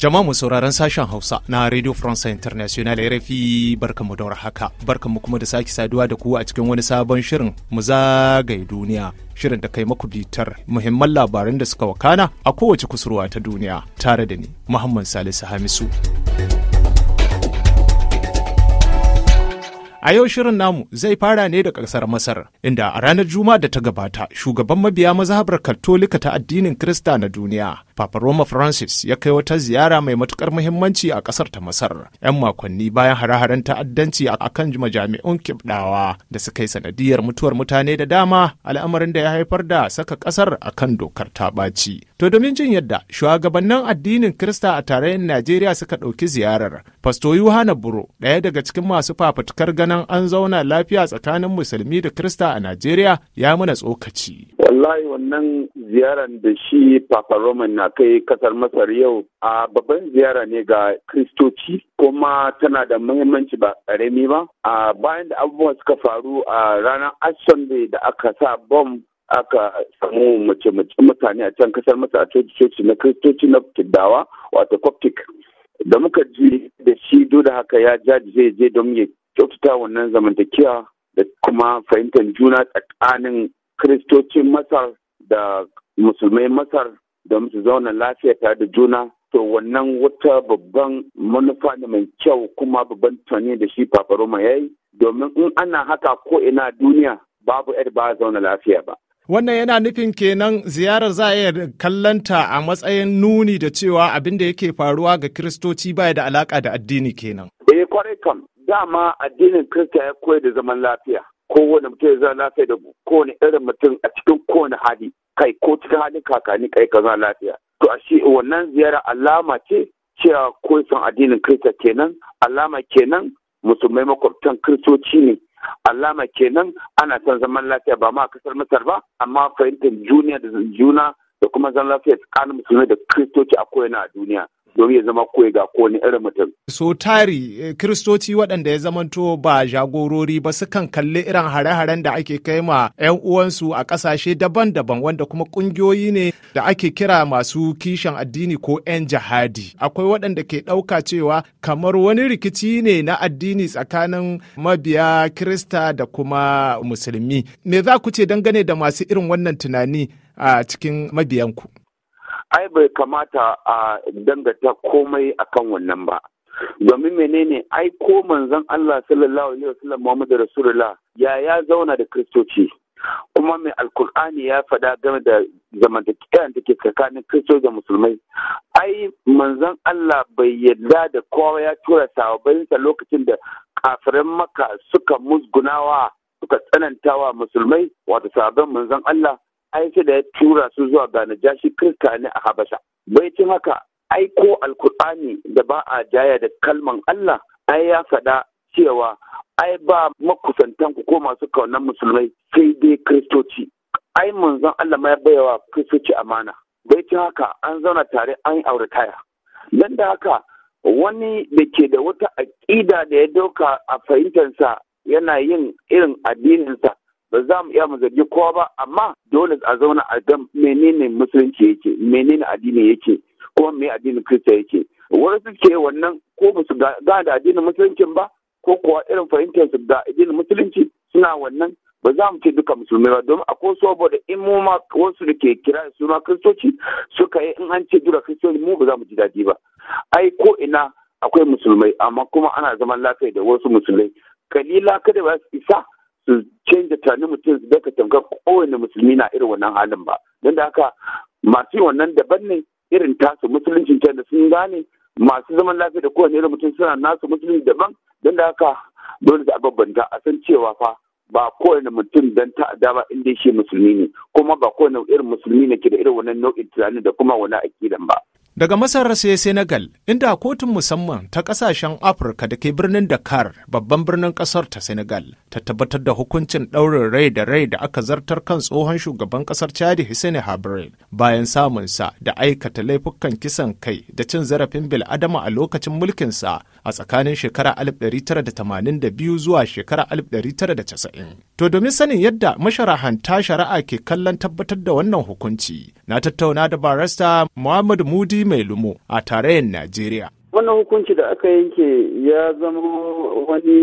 Jama'a mu sauraron sashen Hausa na Radio France International RFI barkanmu haka warhaka. mu kuma da sake saduwa da ku a cikin wani sabon shirin mu zagaye duniya. Shirin da kai maku bitar muhimman labaran da suka wakana a kowace kusurwa ta duniya tare da ni Muhammad Salisu Hamisu. A yau shirin namu zai fara ne da ƙasar Masar, inda a ranar Juma'a da ta gabata shugaban mabiya mazhabar Katolika ta addinin Kirista na duniya, Papa Roma Francis ya kai wata ziyara mai matukar muhimmanci a ƙasar ta Masar, 'yan makonni bayan hare-haren ta'addanci a kan majami'un kibdawa da suka yi sanadiyar mutuwar mutane da dama al'amarin da ya haifar da saka ƙasar a kan dokar ta ɓaci. To domin jin yadda shugabannin addinin Kirista a tarayyar Najeriya suka ɗauki ziyarar, Fasto Yohana Buro, ɗaya daga cikin masu fafutukar gan ganin an zauna lafiya tsakanin musulmi da krista a najeriya ya muna tsokaci wallahi wannan ziyaran da shi papa roman na kai kasar masar yau a babban ziyara ne ga kristoci kuma tana da muhimmanci ba ƙarami ba a bayan da abubuwa suka faru a ranar ashsunday da aka sa bom aka samu mace mutane a can kasar masa a coci na kristoci na dawa wato coptic da muka ji shi duk da haka ya jaji je don ya kyautata wannan zamantakewa da kuma fahimtar juna tsakanin kiristocin masar da musulmai masar da su zauna lafiya tare da juna to wannan wata babban manufa ne mai kyau kuma babban tunani da shi Papa Roma ya yi domin in ana haka ko ina duniya babu yar ba zauna lafiya ba. wannan yana nufin kenan ziyarar za a kallanta a matsayin nuni da cewa abin da yake faruwa ga kiristoci baya da alaka da addini kenan eh kwarai kam dama addinin kirista ya koyar da zaman lafiya kowane mutum ya zama lafiya da kowane irin mutum a cikin kowane hali kai ko cikin halin kakanni kai ka zama lafiya to a shi wannan ziyara alama ce cewa koyon addinin kirista kenan alama kenan musulmai makwabtan kiristoci ne alama kenan ana son zaman lafiya ba ma kasar masar ba amma fahimtar juna da juna da kuma zaman lafiya tsakanin musulmai da kristoci a koyana a duniya domin ya zama koyi ga kowane irin mutum. So tari eh, kiristoci waɗanda ya zamanto ba jagorori ba sukan kalli irin hare-haren da ake kai ma 'yan uwansu a ƙasashe daban-daban wanda kuma ƙungiyoyi ne da ake kira masu kishin addini ko 'yan jihadi. Akwai waɗanda ke ɗauka cewa kamar wani rikici ne na addini tsakanin mabiya Kirista da kuma Musulmi. Me za ku ce dangane da masu irin wannan tunani a cikin mabiyanku? ai bai kamata a dangata komai akan wannan ba domin menene ai ko manzon Allah sallallahu alaihi wasallam Muhammadu Rasulullah ya ya zauna da kristoci kuma mai alkur'ani ya faɗa game da zamantakewa da ke tsakanin kristo da musulmai ai manzon Allah bai yarda da kowa ya tura sababbinsa lokacin da kafirin maka suka musgunawa suka tsanantawa musulmai wato sabon manzon Allah aiki da ya tura su zuwa ga najashi kirka ne a habasha bai cin haka aiko alkur'ani da ba a jaya da kalman allah ai ya faɗa cewa ai ba makusantan ku ko masu kaunar musulmai sai dai kristoci ai manzon allah ma ya baiwa kristoci amana bai cin haka an zauna tare an yi taya don da haka wani da ke da wata aƙida da ya dauka a fahimtarsa yana yin irin addininsa ba za mu iya mu zargi kowa ba amma dole a zauna a ga menene musulunci yake menene addini yake ko me addinin kirista yake wasu ke wannan ko ba su gane da addinin musuluncin ba ko kuwa irin fahimtar su da addinin musulunci suna wannan ba za mu ce duka musulmai ba domin akwai saboda in mu ma wasu da ke kira su ma kristoci suka yi in an ce dura kristoci mu ba za mu ji daɗi ba ai ko ina akwai musulmai amma kuma ana zaman lafiya da wasu musulmai kalila kada ba su isa su canza tani mutum su daga tamkar kowane musulmi na irin wannan halin ba don da haka masu yi wannan daban ne irin tasu musuluncin can da sun gane masu zaman lafiya da kowane irin mutum suna nasu musulmi daban don da haka dole su ababbanta a san cewa fa ba kowane mutum dan ta'adda ba inda shi musulmi ne kuma ba kowane irin musulmi ne ke da irin wannan nau'in tunani da kuma wani akidan ba. Daga Masar sai Senegal, inda kotun musamman ta kasashen Afirka da ke birnin Dakar, babban birnin kasar ta Senegal, ta tabbatar da hukuncin ɗaurin rai da rai da aka zartar kan tsohon shugaban kasar Chadi Hissene Habre bayan samunsa da aikata laifukan kisan kai da cin zarafin bil'adama a lokacin mulkinsa a tsakanin shekara 1982 zuwa shekara 1990. To domin sanin yadda masharahanta shari'a ke kallon tabbatar da wannan hukunci, na tattauna da barasta Muhammad Mudi mai lumo a tarayyar Najeriya. wannan hukunci da aka yanke ya zama wani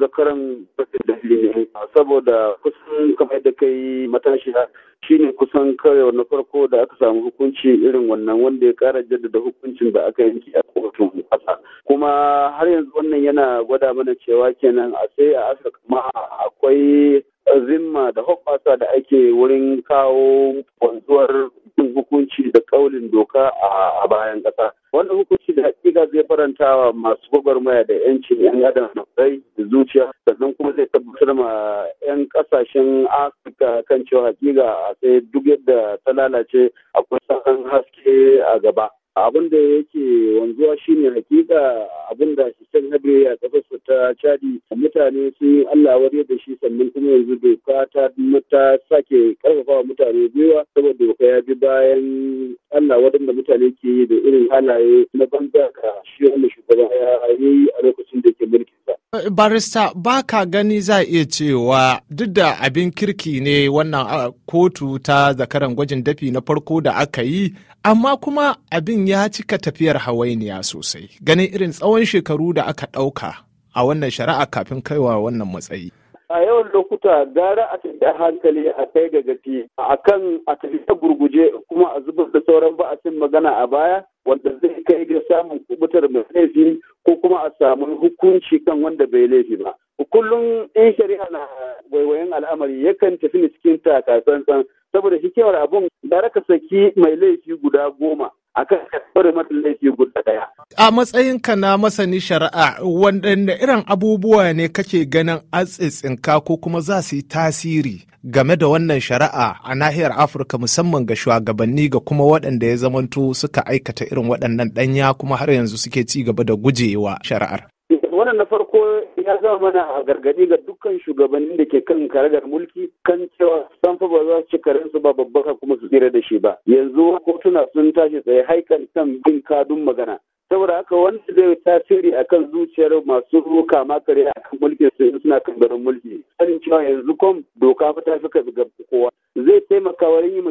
zakaran da ne saboda kusan kamar da kai matashiya shine kusan karewa na farko da aka samu hukunci irin wannan wanda ya kara jaddada hukuncin da aka yanke a kotun kasa kuma har yanzu wannan yana gwada mana cewa kenan a sai a afirka ma akwai zimma da hoɓɓasa da ake wurin kawo wanzuwar hukunci da kaulin doka a bayan ƙasa. Wani hukunci da hakika zai faranta wa masu gwagwarmaya da 'yancin 'yan adam rai da zuciya sannan kuma zai tabbatar ma 'yan ƙasashen Afirka kan cewa hakika a sai duk yadda ta lalace akwai sakan haske a gaba. abin da yake wanzuwa shine hakika abin da na Nabe ya kasarsa ta cadi mutane sun yi Allah wani da shi sannan kuma yanzu doka ta ta sake karfafa wa mutane gwiwa saboda doka ya bi bayan Allah da mutane ke yi da irin halaye na banza ka shi wani shugaba ya yi a lokacin da ke mulki. Eh, barista ba ka gani za iya cewa duk da abin kirki ne wannan kotu ta zakaran gwajin dafi na farko da aka yi amma kuma abin ya cika tafiyar hawainiya sosai ganin irin tsawon shekaru da aka ɗauka a wannan shari'a kafin kaiwa wannan matsayi a yawan lokuta gara a da hankali a kai ga gafi a kan a tafiya gurguje kuma a zubar da sauran ba'asin magana a baya wanda zai kai ga samun kubutar mai laifi ko kuma a samu hukunci kan wanda bai laifi ba kullum in shari'a na waiwayin al'amari yakan tafi ne cikin tsantsan, saboda hikimar abun da raka saki mai laifi guda goma a kan kasar mata laifi guda daya. A ka na masani shari'a wanda irin abubuwa ne kake ganin atsitsinka ko kuma za su yi tasiri game da wannan shari'a a nahiyar afirka musamman ga shugabanni ga kuma waɗanda ya zamanto suka aikata irin waɗannan ɗanya kuma har yanzu suke ci gaba da gujewa shari'ar wannan na farko ya zama mana gargaɗi ga dukkan shugabannin da ke kan karagar mulki kan cewa san fa ba za su ci karen su ba babbaka kuma su tsira da shi ba yanzu kotuna sun tashi tsaye haikan kan bin kadun magana saboda haka wanda zai yi tasiri akan zuciyar masu kama kare akan mulkin su suna garin mulki sanin cewa yanzu kom doka fa ta fi ga kowa zai taimaka wurin yi ma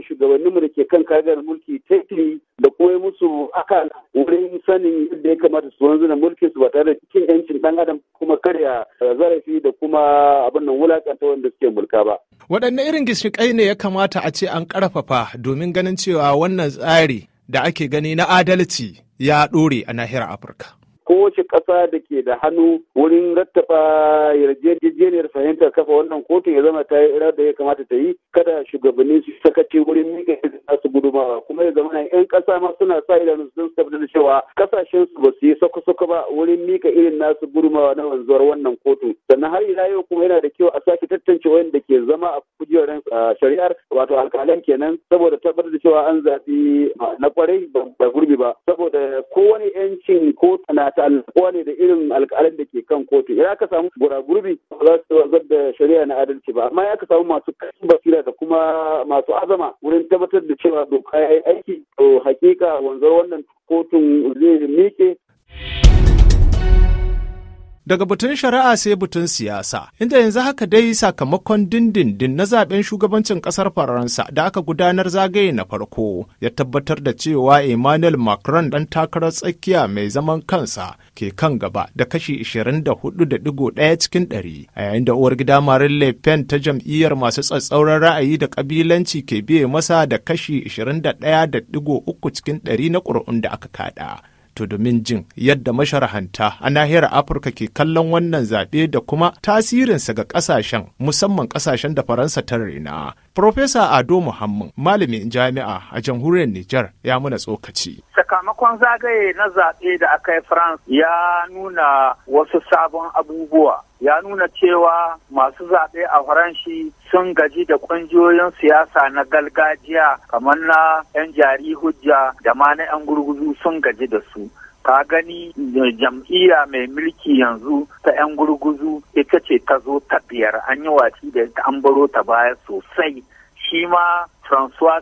mu da ke kan kagar mulki ta taitiri da koyi musu aka wurin sanin yadda ya kamata su wanzu da mulkin su ba tare da cikin yancin dan adam kuma karya eh, zarafi da kuma abin nan wulakanta wanda suke mulka ba. Waɗanne irin gishikai ne ya kamata a ce an ƙarfafa domin ganin cewa wannan tsari da ake gani na adalci ya ɗore a nahiyar Afirka. kowace ƙasa da ke da hannu wurin rattafa yarjejeniyar fahimtar kafa wannan kotun ya zama ta yi da ya kamata ta yi kada shugabanni su sakace wurin miƙa yadda su gudumawa kuma ya zama yan ƙasa ma suna sa idanu don su tabbatar da cewa ƙasashen su ba su yi sako-sako ba wurin miƙa irin nasu gudumawa na wanzuwar wannan kotu sannan har ila yau kuma yana da kyau a sake tantance da ke zama a kujerar shari'ar wato alƙalan kenan saboda tabbatar da cewa an zaɓi na kwarai ba gurbi ba saboda kowane 'yancin kotu na ta kowa ne da irin alƙalin da ke kan kotu idan aka samu gura gurbi ba za su wanzar da shari'a na adalci ba amma ya aka samu masu kashi basira da kuma masu azama wurin tabbatar da cewa doka ya yi aiki to hakika wanzar wannan kotun zai miƙe daga batun shari'a sai batun siyasa inda yanzu haka dai sakamakon dindindin na zaben shugabancin kasar faransa da aka gudanar zagaye na farko ya tabbatar da cewa emmanuel macron dan takarar tsakiya mai zaman kansa ke kan gaba da kashi 24.1 cikin 100 a yayin da uwar gida marin le pen ta jam'iyyar masu tsatsauran ra'ayi da kabilanci ke biye masa da kashi 21.3 cikin 100 na ƙuri'un da aka kada to domin jin yadda masharahanta a nahiyar Afirka ke kallon wannan zaɓe da kuma tasirinsa ga ƙasashen musamman ƙasashen da Faransa ta rena. Profesa Ado Muhammad malamin jami'a a jamhuriyar Nijar ya muna tsokaci. Sakamakon zagaye na zaɓe da aka yi France ya nuna wasu sabon abubuwa. Ya nuna cewa masu zaɓe a Faranshi sun gaji da ƙungiyoyin siyasa na galgajiya kamar na 'yan jari hujja da ma na 'yan gurguzu sun gaji da su. ka gani eh, jam'iyya mai mulki yanzu ta 'yan gurguzu ita ce ta zo ta biyar an yi watsi da ita an baro ta baya sosai shi ma François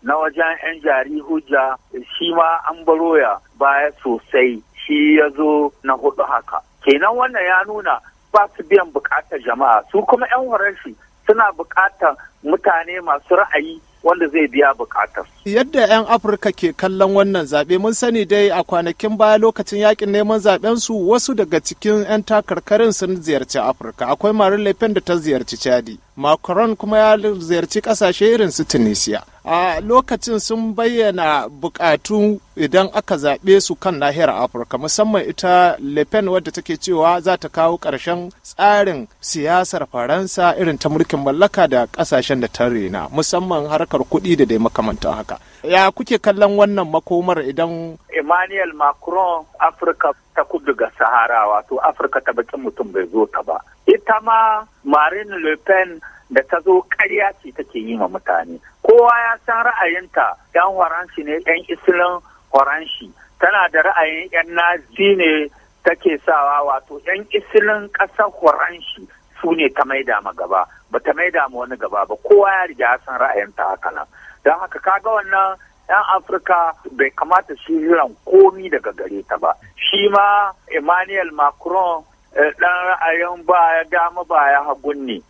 na wajen 'yan jari hujja shi ma an baro ya baya sosai shi ya zo na hudu haka. Kenan wannan ya nuna ba su biyan bukatar jama'a su kuma 'yan horar shi suna bukatar mutane masu ra'ayi wanda zai biya bukatar. Yadda 'yan Afirka ke kallon wannan zaɓe mun sani dai a kwanakin baya lokacin yakin neman zaɓen su wasu daga cikin 'yan takarkarin sun ziyarci Afirka. Akwai Marin Le da ta ziyarci Chadi. Macron kuma ya ziyarci ƙasashe irin su Tunisia. a lokacin sun bayyana bukatu idan aka zaɓe su kan nahiyar afirka musamman ita le pen wadda take cewa za ta kawo ƙarshen tsarin siyasar faransa irin ta mulkin mallaka da ƙasashen da ta rena musamman harkar kuɗi da dai makamantan haka ya kuke kallon wannan makomar idan emmanuel macron afirka ta kudu ga sahara wato afirka ta bakin mutum bai zo ta ba ita ma marine le pen da ta zo karya ce take yi ma mutane kowa ya san ra'ayinta yan faranshi ne yan isilin faranshi tana da ra'ayin yan nazi ne take sawa wato yan isilin ƙasar faranshi su ne ta maida ma gaba ba ta maida ma wani gaba ba kowa ya riga ya san ra'ayinta haka nan don haka kaga wannan yan afirka bai kamata su jiran komi daga gare ta ba shi ma emmanuel macron eh, ɗan ra'ayin ba ya dama ba ya hagun ne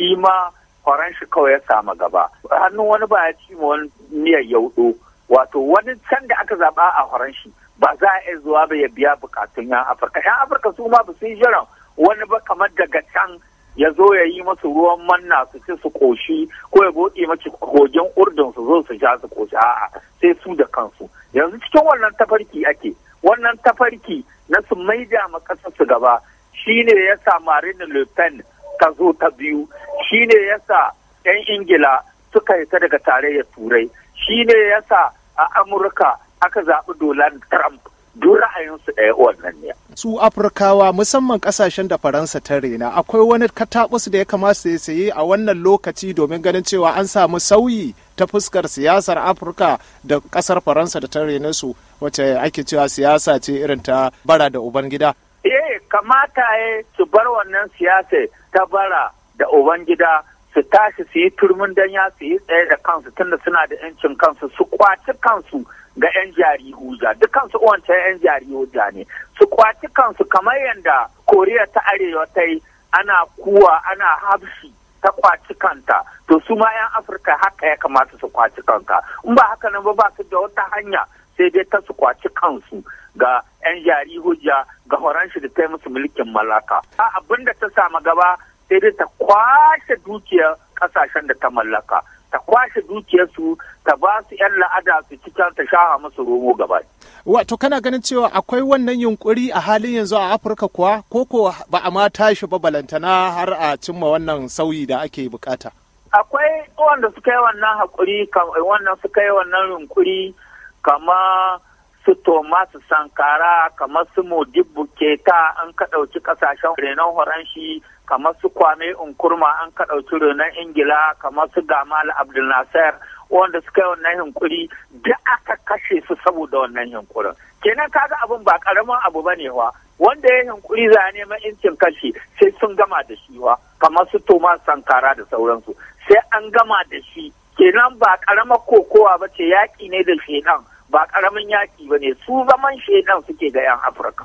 shi ma faran shi kawai ya samu gaba hannun wani ba ya ci wani miyar yaudo wato wani can da aka zaba a faran shi ba za a iya zuwa ba ya biya bukatun yan afirka yan afirka su ma ba sun jiran wani ba kamar daga can ya zo ya yi masu ruwan manna su ce su koshi ko ya buɗe mace kogin urdun su zo su sha su koshi a'a sai su da kansu yanzu cikin wannan tafarki ake wannan tafarki na su maida ma ƙasar su gaba shine ya sa Marine Le Pen ta zo ta biyu shine yasa 'yan ingila suka yi ta daga tarayyar turai shine yasa a amurka aka zaɓi dolan trump duk ra'ayinsu ɗaya wannan ne. Su Afirkawa musamman ƙasashen da Faransa ta rena akwai wani kataɓus da ya kamata ya sayi a wannan lokaci domin ganin cewa an samu sauyi ta fuskar siyasar Afirka da ƙasar Faransa da ta rena su wacce ake cewa siyasa ce irin ta bara da Ubangida. eh kamata ya su bar wannan siyasa ta bara da ubangida su tashi su yi turmin danya su yi tsaye da kansu tunda suna da yancin kansu su kwaci kansu ga 'yan jari huja dukansu wancan 'yan jari huza ne su kwaci kansu kamar yadda koriya ta arewa ta yi ana kuwa ana hafshi ta kwaci kanta to su ma 'yan afirka haka ya kamata su kwaci kanka in ba haka nan ba ba su da wata hanya sai dai ta su kwaci kansu ga 'yan jari hujja ga horon da ta musu mulkin mallaka. A abin da ta samu gaba sai dai ta kwashe dukiyar kasashen da ta mallaka. Ta kwashe dukiyarsu ta ba su 'yan la'ada su cikin ta shaha musu romo gaba. Wato kana ganin cewa akwai wannan yunkuri a halin yanzu a Afirka kuwa Ko ba a ma tashi ba balantana har a cimma wannan sauyi da ake bukata. Akwai wanda suka yi wannan haƙuri, wannan suka yi wannan yunkuri kama su Tomasu Sankara kamar su Modibu Keta an ka ɗauki ƙasashen renon Horanshi kamar su Kwame Nkurma an ka ɗauki renon Ingila kamar su Gamal Abdul nasir wanda suka yi wannan yankuri da aka kashe su saboda wannan yankurin kenan kaga abin ba karamin abu bane wa wanda ya yankuri za neman incin kashe sai sun gama da shi wa kamar su Thomas Sankara da sauransu sai an gama da shi kenan ba karamar kokowa ba ce yaƙi ne da shedan ba karamin yaki ba ne su zaman shaidan suke ga 'yan afirka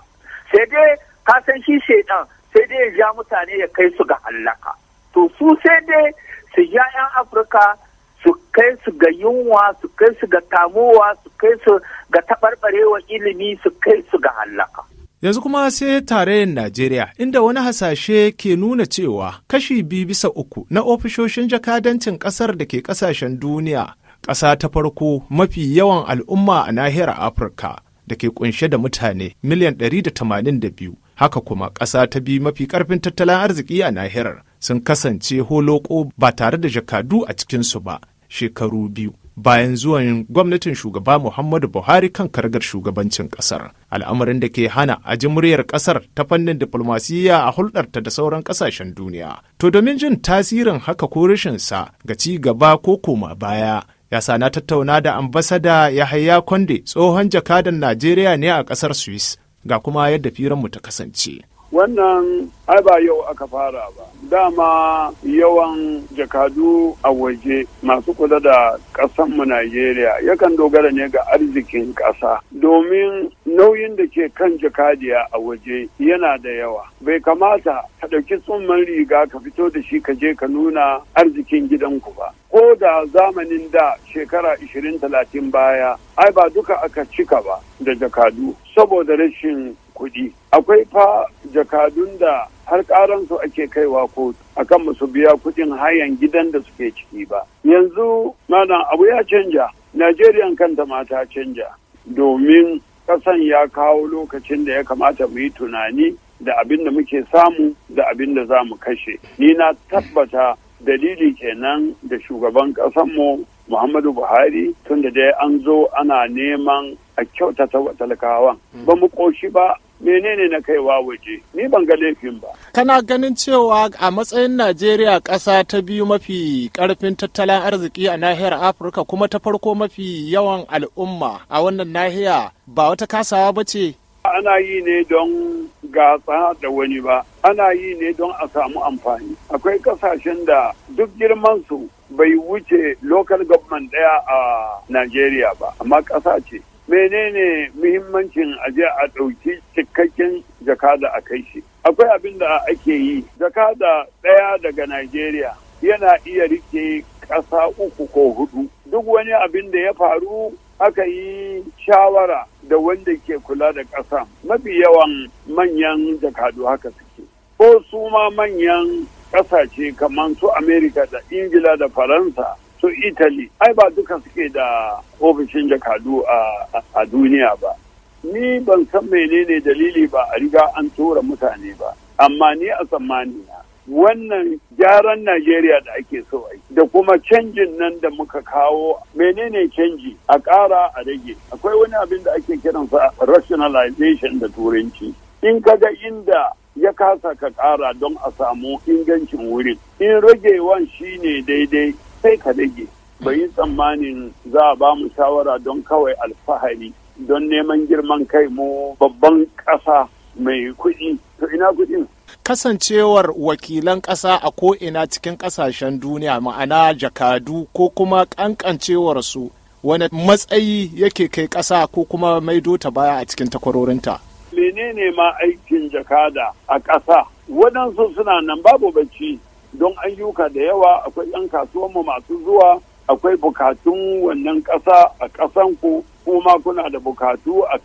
sai dai ka san shi shaidan sai dai ya ja mutane ya kai su ga hallaka to su sai dai su ja 'yan afirka su kai su ga yunwa su kai su ga tamowa su kai su ga tabarbarewa ilimi su kai su ga hallaka yanzu kuma sai tarayyar Najeriya inda wani hasashe ke nuna cewa kashi biyu bisa uku na ofishoshin jakadancin ƙasar da ke ƙasashen duniya ƙasa ta farko mafi yawan al'umma a nahiyar Afirka da ke kunshe da mutane miliyan ɗari da biyu, haka kuma ƙasa ta biyu mafi ƙarfin tattalin arziki a nahiyar sun kasance holoko ba tare da jakadu a cikinsu ba shekaru biyu. bayan zuwan gwamnatin shugaba Muhammadu Buhari kan kargar shugabancin ƙasar, Al'amarin da ke hana aji muryar ƙasar ta fannin diflomasiyya a hulɗarta da sauran ƙasashen duniya. To domin jin tasirin haka ko rashin sa ga ci gaba ko koma baya ya na tattauna da ambasada yahaya konde tsohon jakadan najeriya ne a ƙasar swiss ga kuma yadda firanmu ta kasance wannan ai ba yau aka fara ba dama yawan jakadu a waje masu kula da ƙasanmu Najeriya yakan dogara ne ga arzikin ƙasa domin nauyin da ke kan jakadiya a waje yana da yawa bai kamata ka ɗauki tsumman riga ka fito da shi ka je ka nuna arzikin gidanku ba ko da zamanin da shekara 20-30 baya ai ba duka aka cika ba da jakadu saboda rashin kuɗi akwai fa jakadun da har ƙaransu ake kaiwa kotu akan musu biya kuɗin hayan gidan da suke ciki ba yanzu mana abu ya canja najeriya kanta ma ta canja domin ƙasan ya kawo lokacin da ya kamata mu yi tunani da abin da muke samu da abin da za mu kashe ni na tabbata dalili kenan da shugaban ƙasanmu Muhammadu Buhari tun da dai an zo ana neman a kyautata talakawan. Mm. Ba mu ƙoshi ba menene na kaiwa waje ni ban ga laifin ba kana ganin cewa a matsayin najeriya ƙasa ta biyu mafi karfin tattalin arziki a nahiyar afirka kuma ta farko mafi yawan al'umma a wannan nahiya ba wata kasawa ba ce ana yi ne don gasa da wani ba ana yi ne don a samu amfani akwai kasashen da duk girman su bai wuce local government daya a najeriya ba amma ƙasa ce menene muhimmancin aje a ɗauki cikakken jakada a kai shi akwai abin da ake yi jakada ɗaya daga najeriya yana iya rike ƙasa uku ko hudu duk wani abin da ya faru aka yi shawara da wanda ke kula da ƙasa mafi yawan manyan jakadu haka suke ko su ma manyan ƙasashe kamar su amerika da ingila da faransa su italy ai ba duka suke da ofishin jakadu a duniya ba ni ban san menene dalili ba a riga an tura mutane ba amma ni a tsammani na wannan gyaran najeriya da ake so a da kuma canjin nan da muka kawo menene canji a ƙara a rage akwai wani abin da ake kiransa rationalization da turanci in kaga inda ya kasa ka ƙara don a samu ingancin wurin in ragewan shine daidai sai ka rage bai yi tsammanin za a ba mu shawara don kawai alfahari don neman girman kai mu babban ƙasa mai kuɗi to ina kuɗin kasancewar wakilan ƙasa a ko'ina cikin ƙasashen duniya ma'ana jakadu ko kuma su wani matsayi yake kai ƙasa ko kuma maido ta baya a cikin takwarorinta menene ma aikin jakada a ƙasa waɗansu suna nan babu bacci don ayyuka da yawa akwai 'yan kasuwanmu masu zuwa akwai bukatun wannan ƙasa a ƙasanku kuma kuna da bukatu a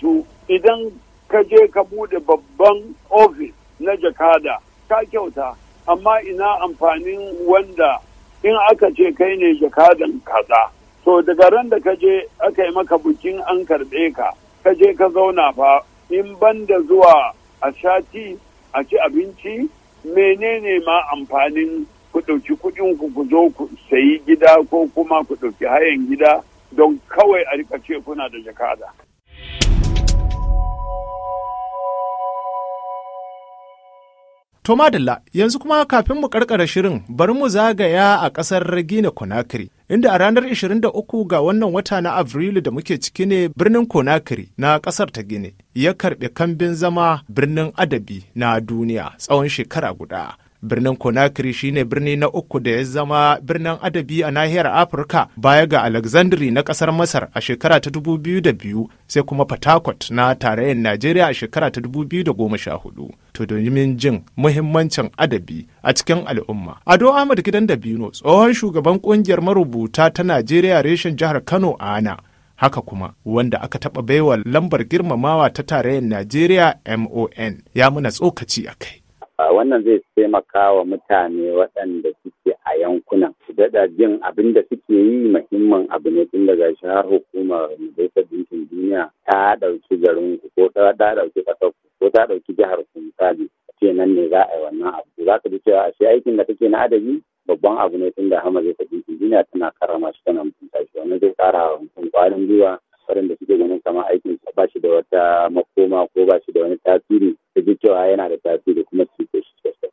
su idan ka je ka bude babban ofis na jakada ka kyauta amma ina amfanin wanda in aka ce kai ne jakadan kaza to daga ran da ka je aka yi maka bukin an karɓe ka ka je ka zauna fa in banda zuwa a shati a ci abinci menene ma amfanin ku ɗauki kuɗin ku ku zo ku sayi gida ko kuma ku ɗauki hayan gida don kawai a rika ce kuna da jakada. To Madalla, yanzu kuma kafin mu ƙarƙara shirin bari mu zagaya a ƙasar Gine Conakry, inda a ranar 23 ga wannan wata na Afrilu da muke ciki ne birnin Conakry na ƙasar ta Gine ya karɓi kambin zama birnin adabi na duniya tsawon shekara guda. Birnin Conakry shine birni na uku da ya zama birnin adabi a nahiyar Afirka baya ga Alexandri na ƙasar Masar a shekara ta 2002 sai kuma Port na tarayyar Najeriya a shekara ta 2014. To domin jin muhimmancin adabi a cikin al'umma. Ado Ahmad Gidan da Dabino tsohon shugaban ƙungiyar marubuta ta Najeriya reshen jihar Kano a Ana. haka kuma wanda aka taɓa baiwa lambar girmamawa ta tarayyar Najeriya MON ya muna tsokaci a kai. Ah, wannan zai taimaka wa mutane waɗanda suke a yankunan su daɗa jin abin da suke yi muhimmin abu ne tun daga shi hukumar majalisar ɗinkin duniya ta ɗauki garin ku ko ta ɗauki ƙasar ku ko ta ɗauki jihar ku misali ce nan ne za a yi wannan abu za ka ji cewa shi aikin da take na adabi babban abu ne tun da hama zai duniya tana karama shi tana mutunta shi wannan zai ƙara wa mutum ƙwarin gwiwa waɗanda suke ganin kama aikin ba shi da wata makoma ko ba shi da wani tasiri ji cewa yana da tasiri kuma su ke shi sosai.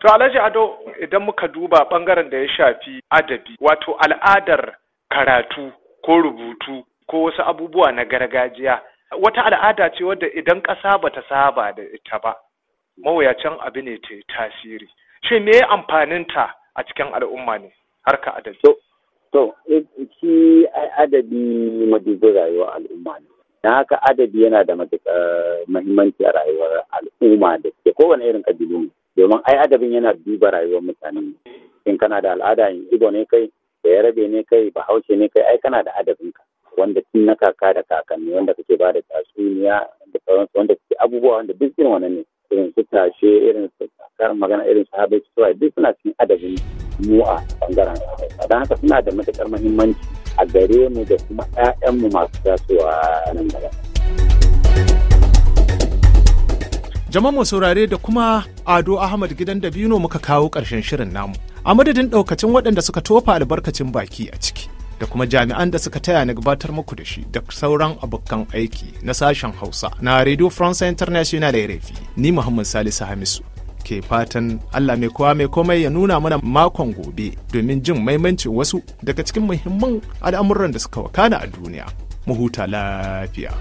To Alhaji Ado idan muka duba bangaren da ya shafi adabi wato al'adar karatu ko rubutu ko wasu abubuwa na gargajiya wata al'ada ce wadda idan ƙasa ba bata saba da ita ba mawuyacin abu ne ta tasiri. Shin me amfaninta a cikin al'umma ne harka adabi? To, to shi adabi madubin rayuwar al'umma ne. don haka adabi yana da mahimmanci eh, a rayuwar al'umma da ke kowane irin kabilu domin ai adabin yana duba rayuwar mutane in kana da al'ada in ibo ne kai da yarabe ne kai bahaushe ne kai ai kana da adabinka wanda tun na kaka da kakanni wanda kake ba da tatsuniya da sauransu wanda kake abubuwa wanda duk irin wannan ne irin su tashe irin su kakar magana irin su habai su duk suna cikin adabin mu a bangaren don haka suna da matuƙar mahimmanci a gare mu da kuma mu masu tasowa nan gaba. Jama'a mu saurare da kuma Ado Ahmad gidan Dabino muka kawo ƙarshen shirin namu. A madadin ɗaukacin waɗanda suka tofa albarkacin baki a ciki. da kuma jami'an da suka taya na gabatar muku da shi da sauran abokan aiki na sashen hausa na radio france international rfi ni muhammad salisu hamisu ke fatan Allah mai kowa mai komai ya nuna mana makon gobe domin jin maimancin wasu daga cikin muhimman al'amuran da suka wakana a duniya. Mu huta lafiya.